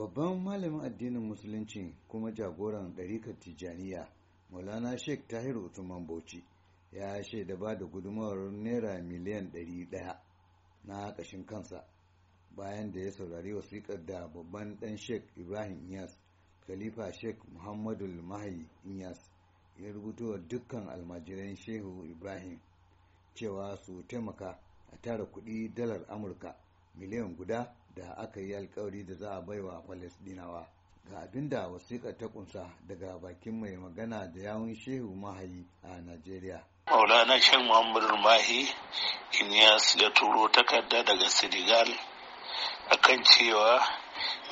babban malamin addinin musulunci kuma jagoran ɗarikar tijjaniya maulana sheikh tahir usman bauchi ya shaida ba da gudumawar naira miliyan 100 na ƙashin kansa bayan da ya saurari wasiƙar da babban ɗan sheikh ibrahim inyas khalifa sheikh muhammadu mahi inyas ya rubuto wa dukkan almajiran shehu ibrahim cewa su taimaka a tara kuɗi dalar amurka miliyan guda da aka yi alkawari da za a baiwa Falasɗinawa. Ga abin da wasiƙar ta kunsa daga bakin mai magana da yawun Shehu Mahayi a Najeriya. Maulana Shehu Muhammadu Mahi Inyas ya turo takarda daga Senegal akan cewa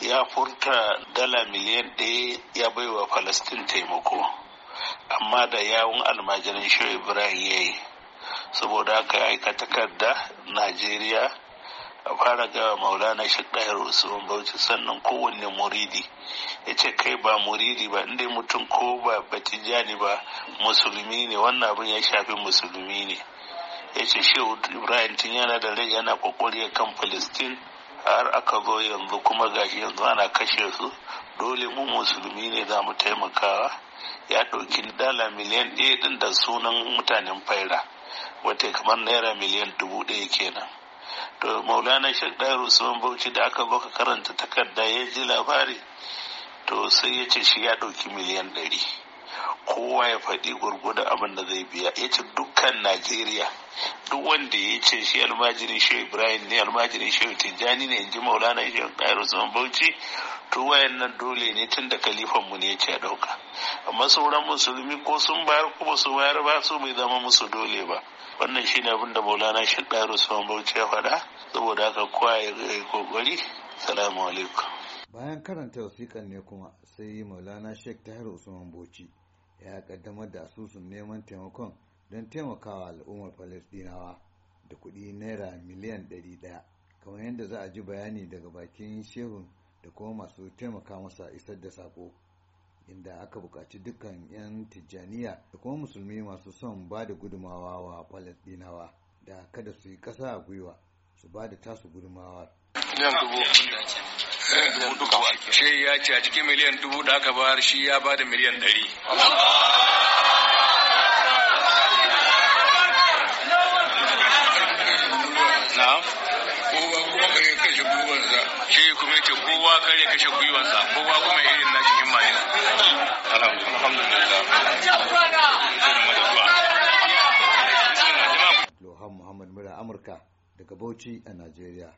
ya furta dala miliyan ɗaya ya baiwa Falastin taimako, amma da yawun almajirin Shehu Ibrahim ya yi. Saboda aka aika takarda Najeriya a fara ga maulana shi ɗayar usman bauchi sannan kowanne muridi ya ce kai ba muridi ba inda mutum ko ba batijani ba musulmi ne wannan abin ya shafi musulmi ne ya ce shehu ibrahim tun yana da rai yana kokori kan palestine har aka zo yanzu kuma gashi yanzu ana kashe su dole mu musulmi ne za mu taimakawa ya ɗauki dala miliyan ɗaya ɗin da sunan mutanen faira wata kamar naira miliyan dubu ɗaya kenan to maulana shek dairu usman bauchi da aka baka karanta takarda ya ji labari to sai ya ce shi ya ɗauki miliyan ɗari kowa ya faɗi gwargwadon abin da zai biya ya ce dukkan najeriya duk wanda ya ce shi almajirin shehu ibrahim ne almajirin shehu tijjani ne in ji maulana shehu ɗairu usman bauchi to wayan nan dole ne tun da kalifan mu ne ya ce a ɗauka amma sauran musulmi ko sun bayar ko ba su bayar ba su bai zama musu dole ba wannan shine abin da maulana shaddar usman bauchi ya faɗa saboda haka kowa ya kokari salamu alaikum bayan karanta wasiƙan ne kuma sai maulana sheikh tahir usman bauchi ya kaddamar da asusun neman taimakon don taimakawa al'ummar falastinawa da kuɗi naira miliyan ɗari ɗaya kamar yadda za a ji bayani daga bakin shehun da kuma masu taimaka masa isar da sako. inda aka buƙaci dukkan 'yan tijjaniya da kuma musulmi masu son ba da gudumawa wa falasɗinawa da kada su yi ƙasa a gwiwa su ba da tasu gudumawa shi ya ce a cikin miliyan dubu da aka bayar shi ya ba da miliyan ɗari shi kuma yake kowa kare kashe gwiwansa kowa kuma Amurka daga Bauchi a Najeriya.